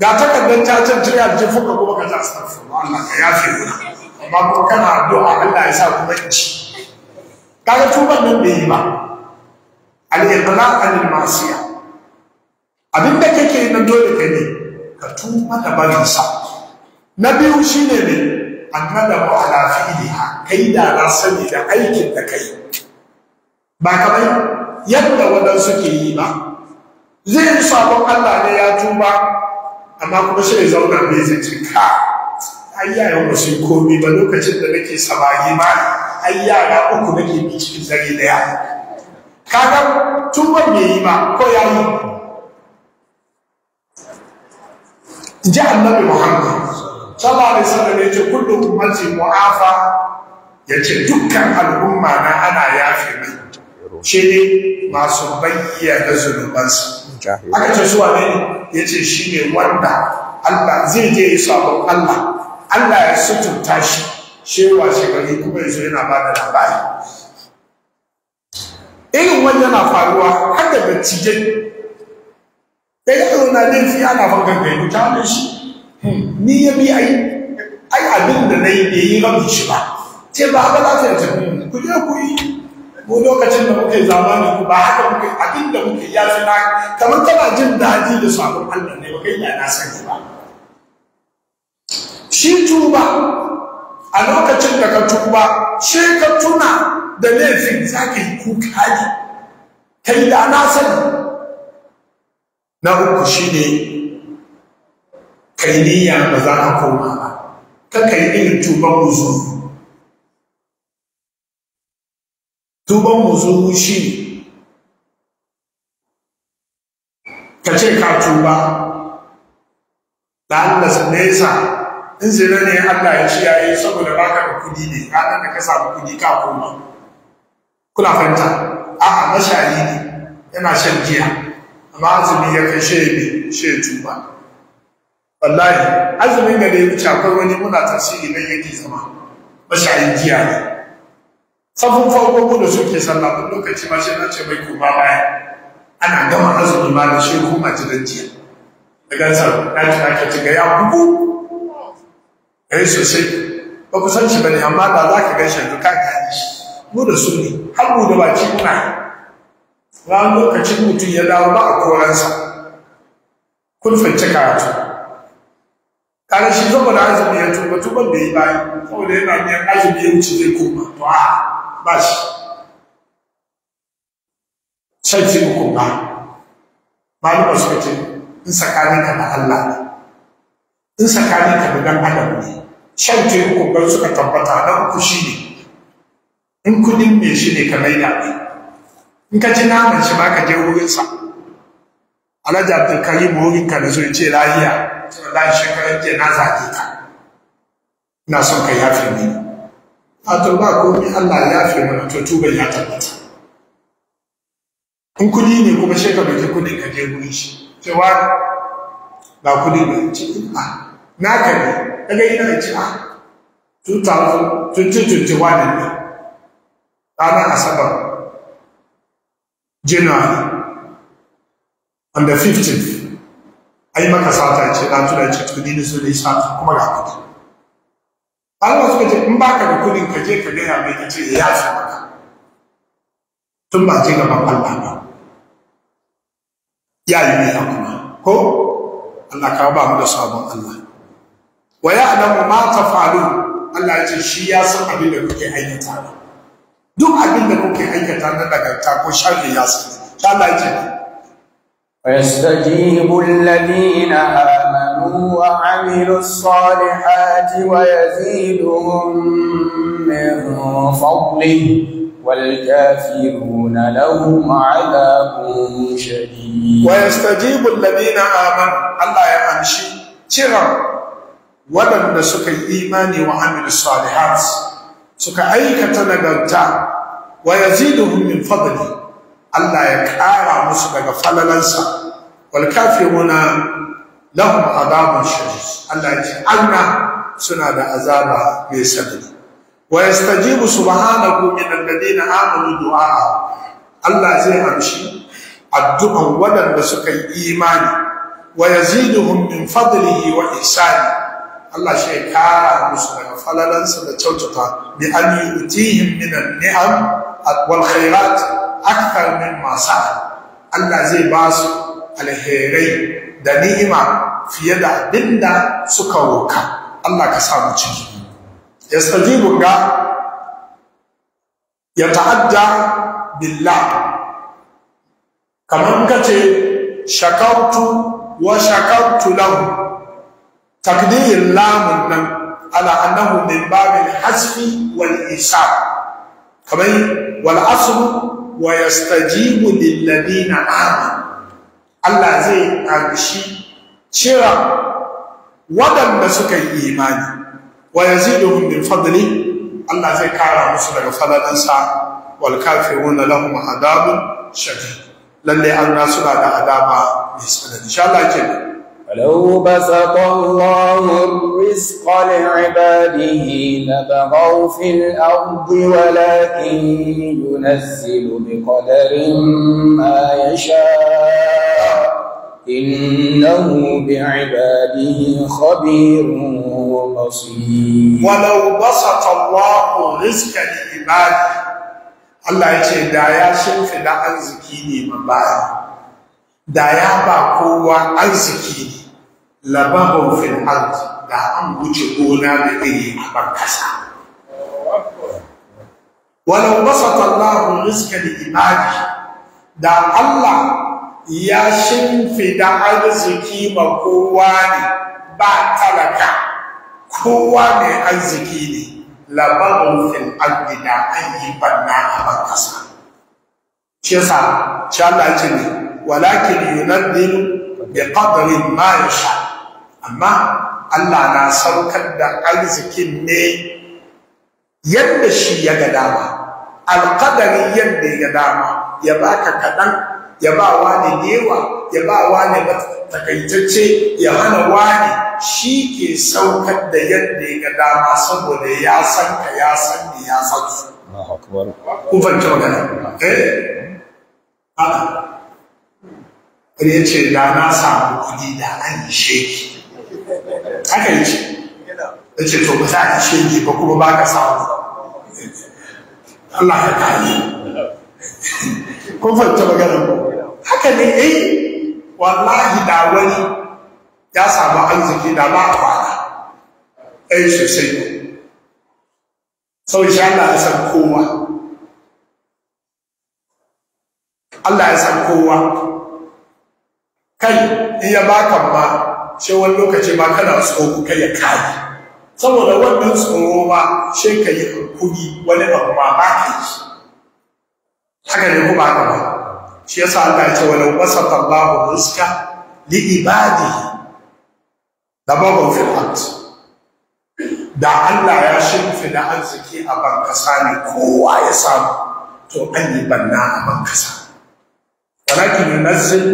ga takardar cacan jira ji fuka kuma ka ji astagfirullah Allah ka yafe mana. amma kuma kana addu'a Allah ya sa kuma ci kaga tuban nan bai yi ba al-iqlaq al-masiya abin da kake na dole ka ne ka tuba da barin sa na biyu shine ne annada ba ne ha kai da na sani da aikin da kai ba kamar yadda wadan suke yi ba zai yi sabon Allah ne ya tuba amma kuma shi zauna ne zai ce ka ai wasu ba komi ba lokacin da nake samari ba ayyaya uku nake bi cikin zare daya kaga tuban bai yi ba ko ya yi ji annabi Muhammad sallallahu alaihi wasallam ya ce kudu ummati mu'afa ya ce dukkan al'umma na ana yafe mai ce ne masu bayyana zunubansu aka ce su wane ne ya ce shi ne wanda Allah zai je yi sabon Allah Allah ya sutunta shi shewa shekaru kuma yanzu yana ba da labari irin wani yana faruwa har da bincike ɗaya na laifi ana fagan gaidu ta shi ni ya bi ai ai abin da na yi bai yi rabin shi ba ce ba ga za ta yi tafi ku je ku yi ko lokacin da muke zamani ba haka kuke abin da muke ya fi na kamar kana jin daji da sabon Allah ne ba kai ya na san ba shi tuba a lokacin da ka tuba shi ka tuna da laifin za ka yi kuka ne kai da na sani na uku shine kai niyya ba za ka koma ba kakan irin tuban musu tuban musu shi ka ce ka tuba da Allah nesa in zina ne Allah ya ci yayi saboda baka da kudi ne ranar da ka samu kudi ka koma kula a a'a mashayi ne yana shan jiya. amma azumi ya kai shebe she tuba wallahi azumin da da ya wuce akwai wani muna tasiri na yake zama mashayin jiya ne safin farko ko da suke sanna wani lokaci ma shi na ce mai koma baya ana gama azumi ma da shi kuma gidan jiya daga gansar na ji ake ci ga ya bugu eh sosai ba ku san shi bane amma da za ka gaishe ka ka shi mu da su ne har mu da baki muna ran lokacin mutum ya dawo ba a koransa kun fice karatu Kare shi saboda azumi ya tuba tuban bai yi bayan da yana biyan azumi ya wuce zai koma to a ba shi sai sai ku ba ba suka ce in sakani ka da Allah ne in sakani ka da dan adam ne shan sai ku ba suka tabbata na ku shi ne in kudin me shi ne ka da ne in ka ji naman shi ba ka je wurin wurinsa alhaji abdulkarim wurinka da zo ya ce lahiya ce wallahi shekarar jiya na zage ka ina son ka yafe ni a to ba ni Allah ya yafe mana to tuba ya tabbata in kudi ne kuma sai ka dauki kudin ka je gurin shi cewa ba kudi ne ce ba na ka ne daga ina ce a ah, 2021 ne ranar asabar january on the 15th ai maka sata ce na tuna ce kudi ne so da sata kuma ga kudi Allah suka ce in baka da kudin ka je ka gaya mai kace ya fi maka tun ba ce gaban Allah ba ya yi ya kuma ko Allah ka ba mu da sabon Allah wa ya'lamu ma tafalu Allah ya ce shi ya san abin da kuke aikata duk abin da kuke aikata na daga ta ko sharri ya san Allah ya ce ويستجيب الذين آمنوا وعملوا الصالحات ويزيدهم من فضله والكافرون لهم عذاب شديد ويستجيب الذين آمنوا الله يأمشي ترى waɗanda suka yi imani wa amil salihat suka aikata nagarta wa yaziduhum min fadli Allah ya kara musu daga falalansa wal kafiruna lahum adabun shadid Allah ya ce Allah suna da azaba mai sadadi wa yastajibu subhanahu min alladhina amanu du'a Allah zai amshi addu'an waɗanda suka yi imani wa yaziduhum min fadlihi wa ihsani Allah shi ya kara musu daga falalansa da kyautata bi an yutihim min an-ni'am wal khairat akthar min masa Allah zai ba su alherai da ni'ima fiye da abinda suka roka Allah ka sa mu ciki yastajibu ga ya ta'adda billah kamar kace shakartu wa shakartu lahu takdirin lamun nan min babil hasfi wal الحذف والإنشاء wal والأصل wa yastajibu lilladina amanu Allah zai karshi cira waɗanda suka yi imani wa yaziduhum min fadli Allah zai kara musu daga falalansa wal kafiruna lahum adabun shadid lalle an suna da adaba mai tsanani insha Allah kenan ولو بسط الله الرزق لعباده لبغوا في الأرض ولكن ينزل بقدر ما يشاء إنه بعباده خبير بصير ولو بسط الله الرزق لعباده الله يجي دايا شوف لا أنزكيني من بعد ya ba أنزكيني labahu fil ard da an wuce gona da iri a ban kasa walau basata Allah rizqa li ibadi da Allah ya shimfida arziki ma kowa ne ba talaka kowa ne arziki ne labahu fil da an yi banna a ban kasa shi yasa shi Allah ya ce ne walakin yunaddilu bi qadri ma yasha amma Allah na saukar da arzikin ne yadda shi ya ga dama alƙadari yadda ya dama ya baka kaɗan ya ba wani yawa ya ba wani takaitacce ya hana wani shi ke saukar da yadda ya ga dama saboda ya san ka ya san ni ya san su ku fanta magana eh ya ce da na samu kuɗi da an sheki haka yi ce ya ce to ba za ka ni ba kuma ba ka samu Allah ya kare kuma ta magana ba haka ne eh wallahi da wani ya samu arziki da ba a fara. ɗaya eh, sosai sau shi Allah ya san kowa Allah ya san kowa kai iya baka ma sai wani lokaci ma kana tsoro kai ya kai saboda wannan tsoro ba sai ka yi hankuri wani abu ba ka yi haka ne kuma haka ba shi yasa Allah ya ce wani wasata Allahu rizqa li ibadihi da babu fil da Allah ya shimfida arziki a bankasa ne kowa ya samu to an yi banna a bankasa walakin yunazzil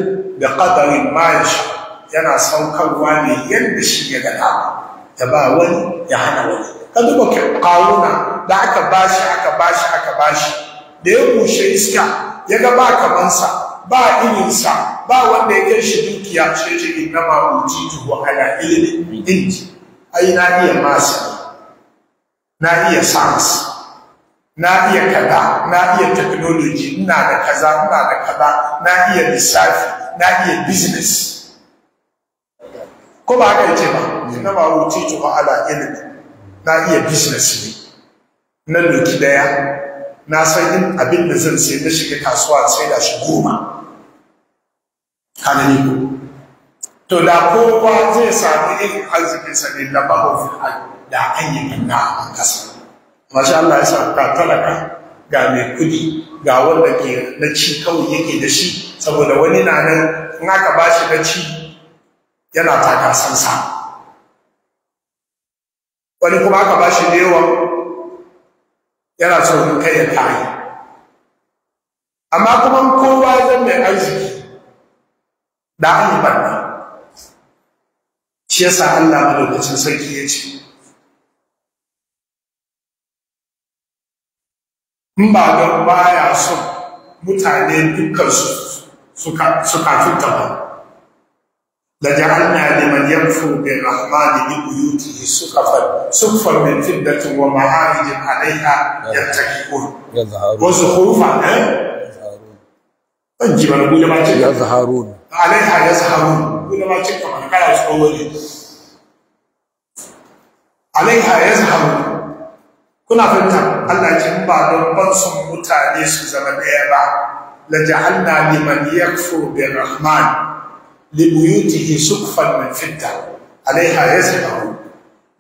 bi qadarin ma yasha yana saukarwa ne yadda shi ya ga ya ba wani ya hana wani ka duba kawuna da aka bashi aka bashi aka bashi da ya bushe iska ya ga ba kamansa ba ininsa ba wanda ya kai shi dukiya ce ce inna ma utitu wa ala ilmi inji ai na iya masa na iya sans na iya kaza na iya technology ina da kaza ina da kaza na iya lissafi na iya business ko ba haka yace ba ba ma ci ma ala ilmi na iya business ne na doki daya na san in abin da zan sai na shiga kasuwa sai da shi goma kanani ko to da kowa zai sami irin arzikin sa ne da babu fi da an na a kasa masha Allah ya sa talaka ga mai kudi ga wanda ke na ci kawai yake da shi saboda wani na nan in aka ba shi na ci yana taka sansa wani kuma ka ba shi yawa yana in kai ya kayi amma kuma kowa zan mai arziki da an yi barna shi yasa Allah malaukacin sarki ya ce in ba ga baya son mutane dukkan su suka ba لجعلنا لمن يكفر بالرحمن لبيوته سقفا سقفا من فضة ومعارج عليها يتكئون وزخرفا يظهرون طيب، يظهرون عليها يظهرون عليها يظهرون كنا في Allah ce in ba don ban son mutane su zama libuyutihi sukfan min fitta alaiha yasbahu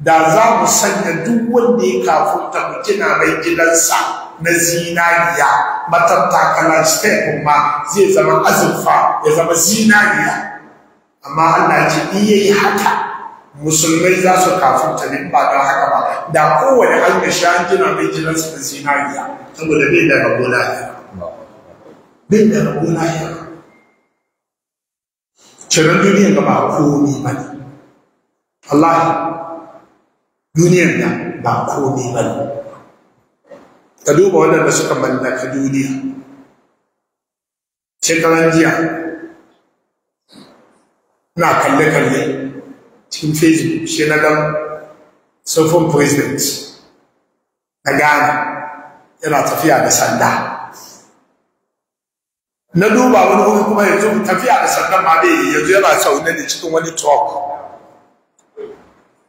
da za mu sanya duk wanda ya kafunta mu gina mai gidansa na zinariya Matattakala, stepin ma zai zama azurfa ya zama zinariya amma Allah ce in yayi haka musulmai za su kafunta ne ba don haka ba da kowane hanyar sha an gina mai gidansa na zinariya saboda bai da rabo lafiya bai da rabo lafiya ciran duniyar ga ba komi ba ne Allah duniyar da ba komi ba ne ka duba waɗanda suka mallaka duniya shekaran jiya na kalle-kalle cikin facebook shi na gan president na ghana yana tafiya da sanda na duba wani wuri kuma yanzu tafiya da sannan ma bai yi yanzu yana saune ne cikin wani talk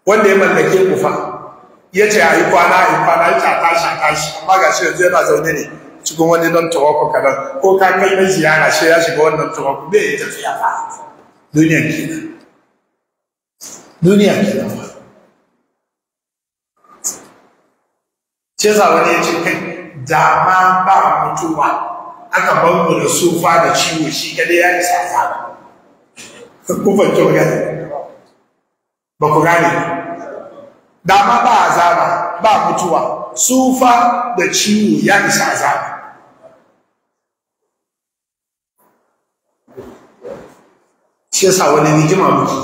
wanda ya mallake kufa ya ce a yi kwana a yi kwana ya ce a tashi a tashi amma ga shi yanzu yana zaune ne cikin wani don truck kadan ko ka kai na ziyara shi ya shiga wannan truck bai yi tafiya ba duniya kenan duniya kenan ba ce za wani ya ce kai da ma ba mutuwa aka bango da sofa da ciwo shi kada ya isa sa ku fahimci magana ba ku gane dama ba zaba ba mutuwa sufa da ciwo ya isa azaba shi yasa wani rigima muke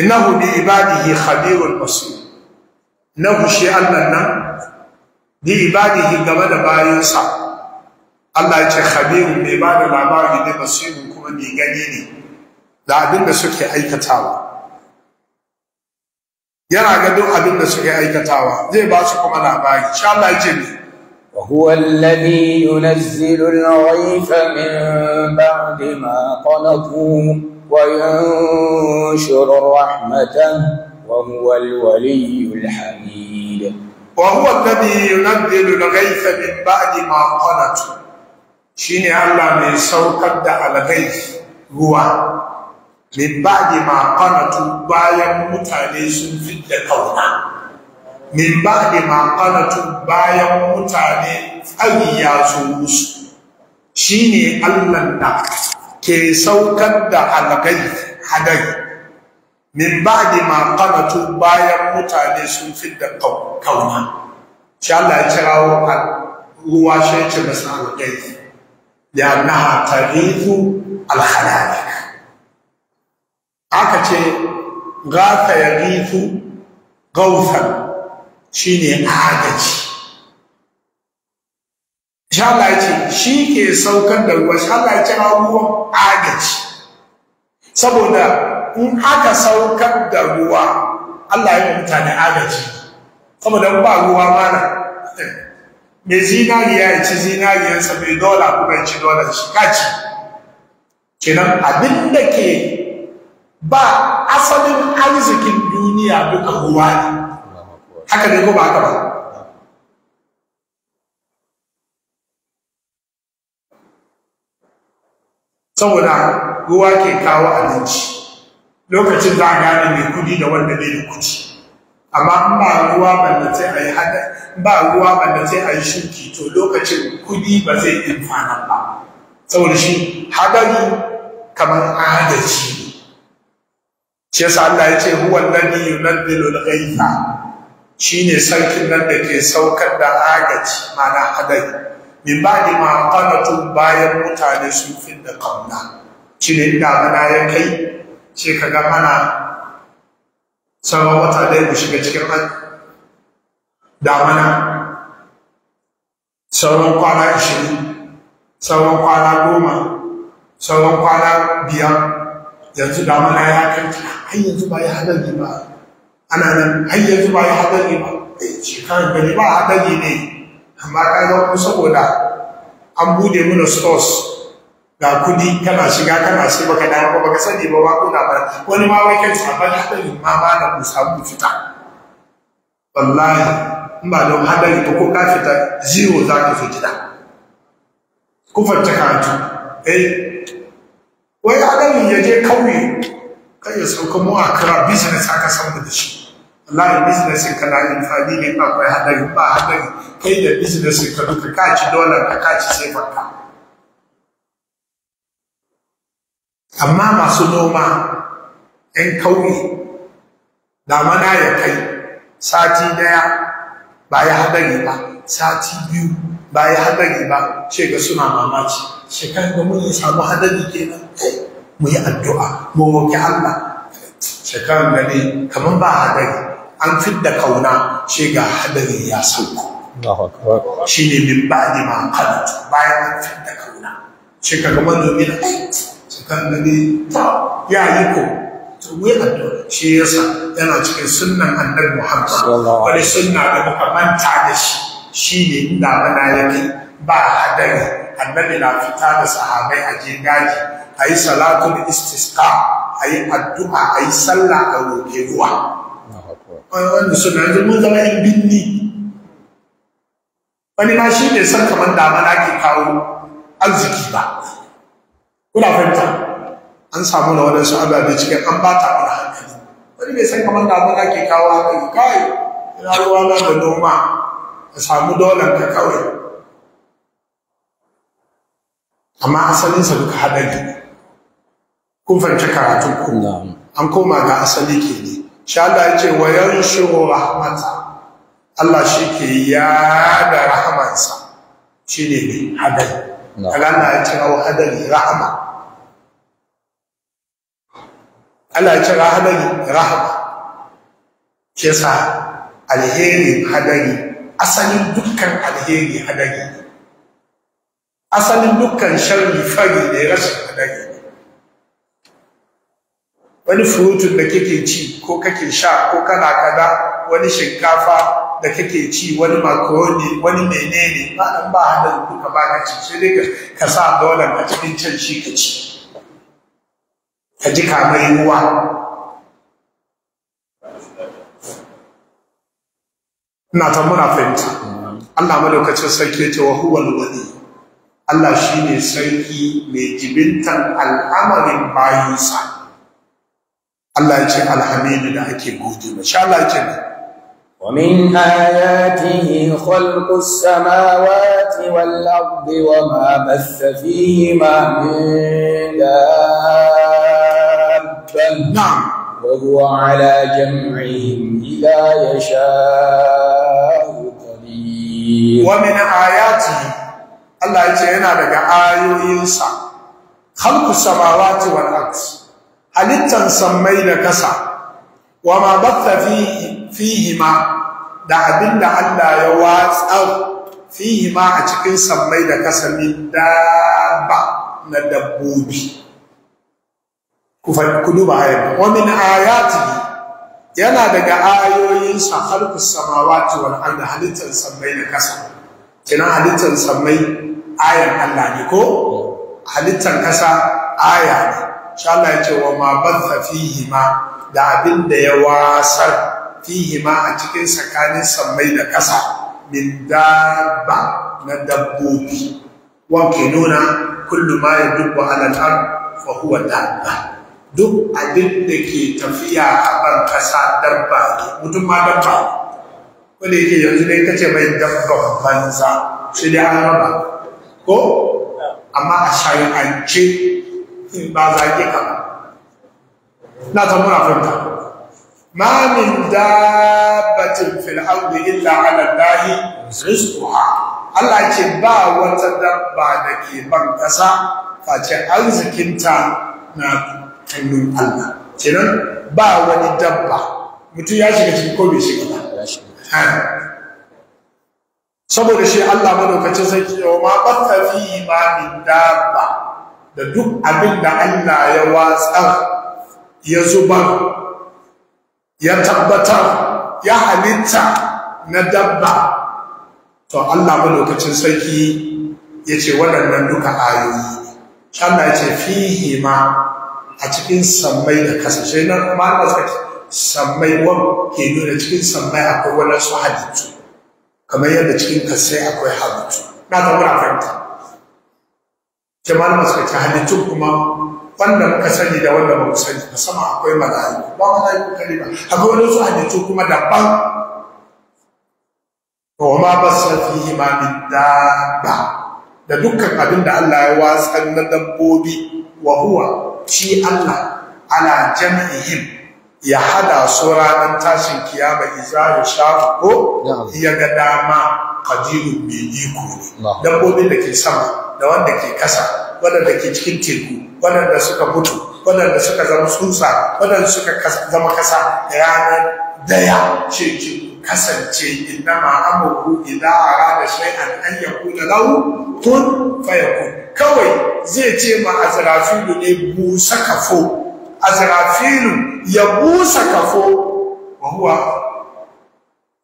innahu bi ibadihi khabirul basir nahu shi Allah nan bi ibadihi game da bayansa Allah ya ce khabirun mai ba da labari ne basirin kuma mai gani ne da abin da suke aikatawa yana ga duk abin da suke aikatawa zai ba su kuma labari Sha Allah ya ce ne وهو الذي ينزل الغيث من بعد ما قنطوا وينشر رحمته وهو الولي الحميد wa huwa alladhi yunazzilu al-ghaytha min ba'di ma qanatu shine Allah mai saukar da al-ghayth ruwa min ba'di ma qanatu bayan mutane sun fidda kauna min ba'di ma qanatu bayan mutane tsari ya zo musu shine Allah da ke saukar da al-ghayth hadari min ba'di ma qanatu bayan mutane sun fidda kauna shi Allah ya kirawo ruwa shi ce masa al-ghayth li'annaha taghithu al-khalaiq aka ce gatha yaghithu gawthan shine agaji shi Allah ya ce shi ke saukar da ruwa shi Allah ya kirawo ruwan agaji saboda in aka saukar da ruwa Allah ya yi mutane agaji saboda ba ruwa mana mai zinariya ya ci zinariyarsa mai dola kuma ya ci dolar shi kaci kenan abin da ke ba asalin arzikin duniya duka ruwa ne haka ne ko ba haka ba saboda ruwa ke kawo abinci lokacin za a gane mai kudi da wanda bai da kudi amma in ba ruwa sai a yi hada ba ruwa sai a yi shuki to lokacin kudi ba zai amfana ba saboda shi hadari kamar agaji shi yasa Allah ya ce huwa alladhi yunazzilu al shi ne sarkin nan da ke saukar da agaji mana hadari min ba'di ma qanatu bayan mutane sun fi da shi ne ina mana ya kai ce ka ga mana sauran wata ɗaya mu shiga cikin damana sauran kwana ashirin sauran kwana goma sauran kwana biyar yanzu damana ya kanta har yanzu ba ya haɗari ba ana nan har yanzu ba ya haɗari ba eh, kan gani ba haɗari ne amma ka kusa saboda an bude mana stores ga kudi kana shiga kana shi baka da ba baka sani ba ba kuna ba wani ma wai kanci amma hadarin ma ba na ku samu fita wallahi in ba don hadari ba ko ka fita zero za ka fi gida kufar ta kantu eh wai hadarin ya je kauye kai ya sauka mu a kira business aka samu da shi wallahi business kana yin fadi ne ba kai hadari ba hadari kai da business ka duka ka ci dollar ka ci sai farka amma masu noma ‘yan kauye damana ya kai sati daya ba ya hadari ba sati biyu ba ya hadari ba ce ga suna mamaci shekaru da mun yi samu hadari kenan mu yi addu'a mu roƙi Allah shekaru da ne kamar ba hadari an fit da kauna ce ga hadari ya sauko shi ne min ba ma bayan an da kauna ce ga manzo mina kan ta ya yi ko to yi addu'a shi sa yana cikin sunnan annabi Muhammad wani sunna da muka manta da shi shine in damuna ya kai ba hadari annabi na fita da sahabai a je daji a yi salatul istisqa a yi addu'a a yi sallah a roƙe ruwa wani suna yanzu mun zama yan binni wani ma shi ne san kamar damana ke kawo arziki ba kuna fahimta an samu na waɗansu ababe cikin an ba ta wani hankali wani bai san kamar da damuna ke kawo hankali kai ina ruwa na da noma ka samu dolan ka kawai amma asalinsa duka haɗari kun fahimci karatun ku an koma ga asali ke ne shi Allah ya ce wa yanshuru rahmata Allah shi ke ya da rahamansa shine ne haɗari. kaga Allah ya ce rahama ana cira hadari rahama ke sa alheri hadari asalin dukkan alheri hadari asalin dukkan sharri fari da ya rashin hadari wani furutun da kake ci ko kake sha ko kana kada wani shinkafa da kake ci wani makaroni wani menene ba dan ba hadari duka ba ka ci sai dai ka sa dole a cikin can shi ka ci ka ji kamai ruwa ina ta muna fahimta Allah madaukacin sarki ya ce wa huwa alwali Allah shine sarki mai jibintan al'amarin bayinsa Allah ya ce alhamidu da ake gode masha Allah ce ne ومن آياته خلق السماوات والأرض وما بث فيهما من دار نعم وهو على جمعهم إذا يشاء قدير ومن آياته الله يجينا لك آيو إنسا خلق السماوات والأرض هل تنسمي لكسا وما بث فيه فيهما da abin da أو فيهما watsar fihi ma a cikin sammai ku duba ayar wa yana daga sa halkus samawati wal ardi halittar samai da kasa kina halittar samai, ayan Allah ne ko halitan kasa aya ne insha Allah ya wa ma batha fihi ma da abin da ya wasar fihi ma a cikin tsakanin samai da kasa min dabba na dabbobi wa nuna kullu ma yadubbu ala al-ard fa huwa dabba duk abin da ke tafiya a ban kasa dabba ne mutum ma dabba ne wanda yake yanzu dai ita ce mai dabban banza sai dai an raba ko amma a ce ba za ki ka na ta muna fanta ma min dabbatin fil ardi illa ala allahi rizquha Allah ce ba wata dabba da ke ban kasa face arzikinta na hannun Allah kenan ba wani dabba mutum ya shiga cikin ko bai shiga ba saboda shi Allah madaukacin sarki wa ma batta fi ma min dabba da duk abin da Allah ya watsar ya zubar ya tabbatar ya halitta na dabba to Allah madaukacin sarki ya ce waɗannan duka ayoyi Allah ya ce fihi ma a cikin sammai da kasa na nan kuma Allah saki sammai wan ke nuna cikin sammai akwai wani su halittu kamar yadda cikin kasai akwai halittu na ga muna fahimta jama'a masu kace halittun kuma wanda muka sani da wanda muka sani sama akwai mala'iku ba mala'iku kalima akwai su halittu kuma daban wa ma basa fihi ma min ba da dukkan abin da Allah ya wasa na dabbobi wa huwa shi Allah ala jami'in ya hada su ranar tashin kiyama iza ya ko ya ga dama kadiru mai iko ne dabbobi da ke sama da wanda ke kasa wadanda ke cikin teku wadanda suka mutu wadanda suka zama tsutsa wadanda suka zama kasa ranar daya ce ce kasance innama amruhu a rada shay'an an yakuna lahu tun fayakun kawai zai ce ma azrafilu ne busa kafo azrafilu ya busa kafo wa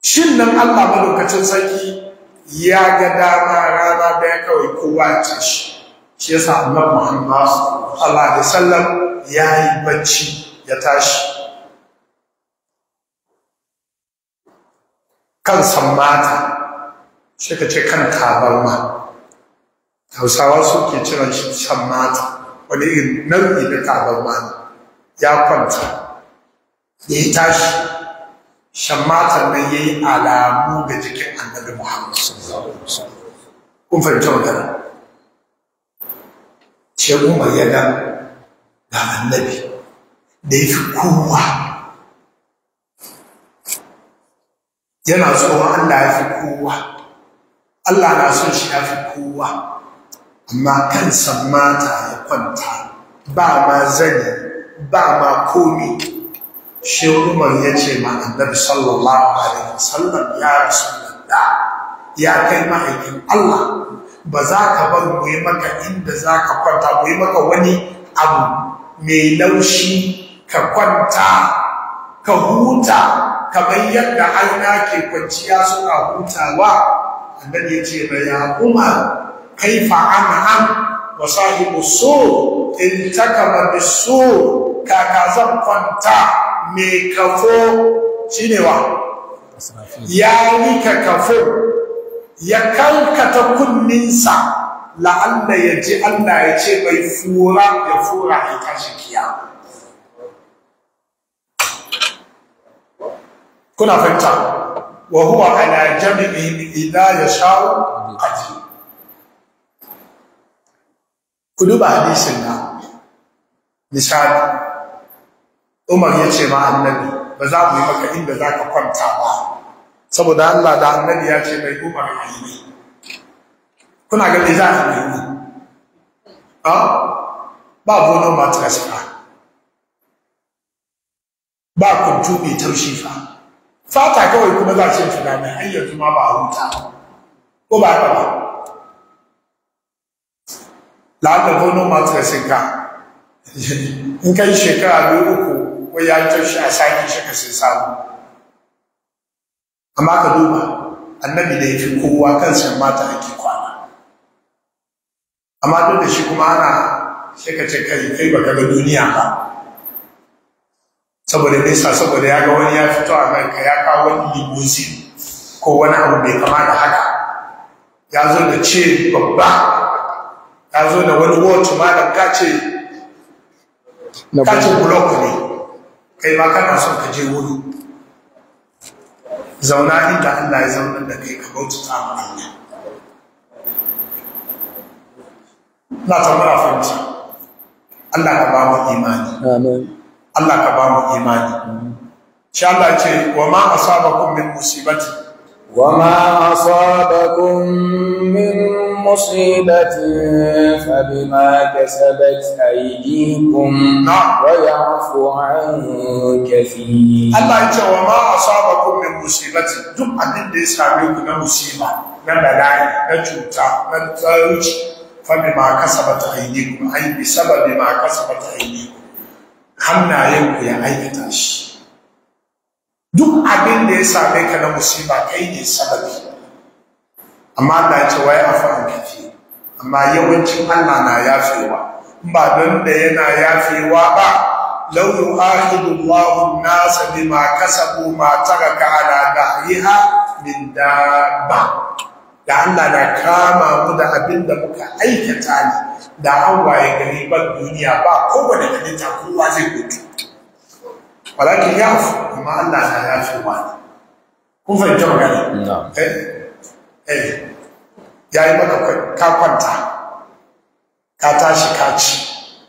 shin nan Allah malaukacin sarki ya ga dama rana daya kawai kowa ya ce shi shi yasa Allah Muhammad sallallahu alaihi wasallam ya yi bacci ya tashi kan sammata sai ka ce kan tabarma hausawa suke kiran shi mata. wani irin nau'i na tabarma ne ya kwanta ya yi tashi mata nan ya yi alamu ga jikin annabi muhammad kun fahimta magana ce umar yana ga annabi da ya fi kowa yana tsoron Allah ya fi kowa Allah na son shi ya fi kowa amma kansa mata ya kwanta ba ma zani ba ma komi shi Umar ya ce ma annabi sallallahu alaihi wasallam ya rasulullah ya kai ma'aikin Allah ba za ka bar mu maka inda za ka kwanta mu maka wani abu mai laushi ka kwanta ka huta kamar yadda aina ke kwanciya suna hutawa annabi ya ce da ya umar kaifa ana an wa sahibu so in takama biso kaka zan kwanta me kafo Cinewa. wa ya rika kafo ya kankata kunninsa la'alla ya ji Allah ya ce bai fura ya fura ita shi kiyama kuna fahimta wa huwa ala jami'i idza yasha'u qadir ku duba hadisin na misali Umar ya ce ma annabi ba za mu yi maka inda za ka kwanta ba saboda Allah da annabi ya ce mai Umar ayi kuna ga za a yi a ah, ba gono mattress ba ba kun mai taushi fa sata kawai kuma za a ce shiga mai har yanzu ma ba a huta ko ba haka ba la'adar gonon masu da sinka in kai shekara biyu uku ko ya ce shi a sake shi ka sai samu amma ka duba annabi da ya fi kowa kan sai mata ake kwana amma duk da shi kuma ana shekace kai ba baka ga duniya ba saboda nesa saboda ya ga wani ya fito a kanka ya kawo wani limousine ko wani abu mai kama da haka ya zo da ce babba ya zo da wani wato ma da kace kace block ne kai ma kana son ka je wuri zauna inda Allah ya zauna da kai ka bauta ta Allah na mara fanti. Allah ka ba mu imani amin Allah ka ba mu imani insha Allah ce wa ma a asabakum min musibati wa ma a asabakum min musibatin fa bima kasabat aydikum wa ya'fu an kathir Allah ya ce wa ma a asabakum min musibati duk abin da ya same ku na musiba na bala'i na cuta na talauci fa bima kasabat aydikum ai bi sababi ma kasabat aydikum hannayen ku ya aikata shi duk abin da ya same ka na musiba kai ne sababi amma Allah ya ce wai afa an kafi amma yawancin Allah na yafewa in ba don da yana yafewa ba law yu'akhidu Allahu an-nasa bima kasabu ma taraka ala dahriha min dabba da Allah na kama mu da abin da muka aikata ne da an waye gari ban duniya ba kowane halitta kowa zai gudu Walaki ya fi amma Allah na ya fi wa ne kun fahimta magana eh eh ya yi maka ka kwanta ka tashi ka ci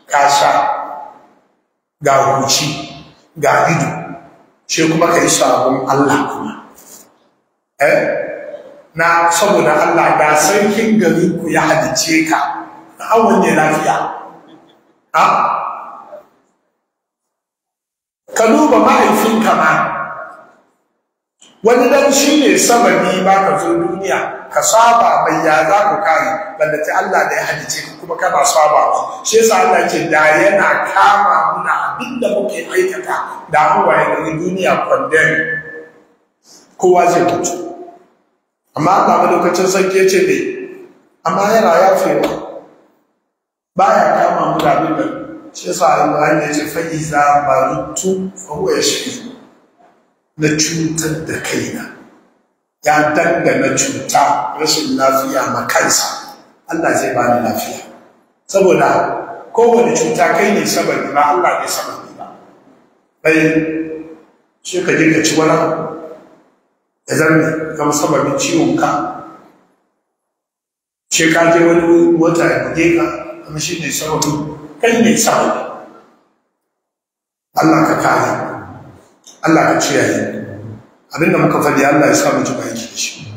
ka sha ga huci ga ido shi kuma ka yi sabon Allah kuma eh na saboda Allah da sarkin gari ku ya halice ka na awon ne lafiya ha ka duba mahaifinka ma wani dan shi ne sababi ba ka zo duniya ka saba mai ya za ku kare banda ta Allah da ya halice ka kuma kana saba ba shi yasa Allah ke da yana kama muna abinda muke aikata da hawaye gari duniya condemn kowa zai mutu amma Allah lokacin sarki ce ne amma yana yafewa ba kama mu kama mutane da shi sa al yi ya ce a iza barutu fa ya shi na cutar da kaina ya dangana cuta rashin lafiya ma kansa Allah zai ba ni lafiya saboda kowane cuta kai ne saboda ba Allah ne sababi ba bai shi ka je ka ci wani ya zarme zama sababin ciwon ka ce ka je wani wata ya buge ka kuma shi ne sababin kai ne sababi Allah ka kare Allah ka ciyaye abinda muka faɗi Allah ya sa mu ji baki da shi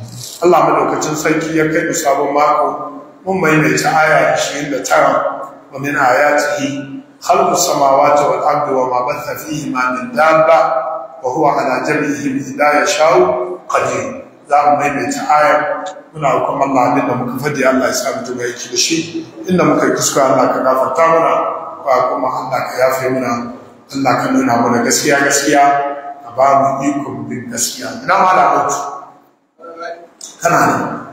Allah madaukacin sarki ya kai mu sabon mako mun maimaita aya 29 wa min ayatihi خلق السماوات والأرض وما بث فيهما من دابة وهو على جمعهم إذا يشاء qadir za mu maimaita ayar muna hukum Allah abin da muka fadi Allah ya sa mu tuba yake da shi inda muka yi kuskure Allah ka gafarta mana ba kuma Allah ka yafe mana Allah ka nuna mana gaskiya gaskiya ka ba mu ikon bin gaskiya ina ma da kana ne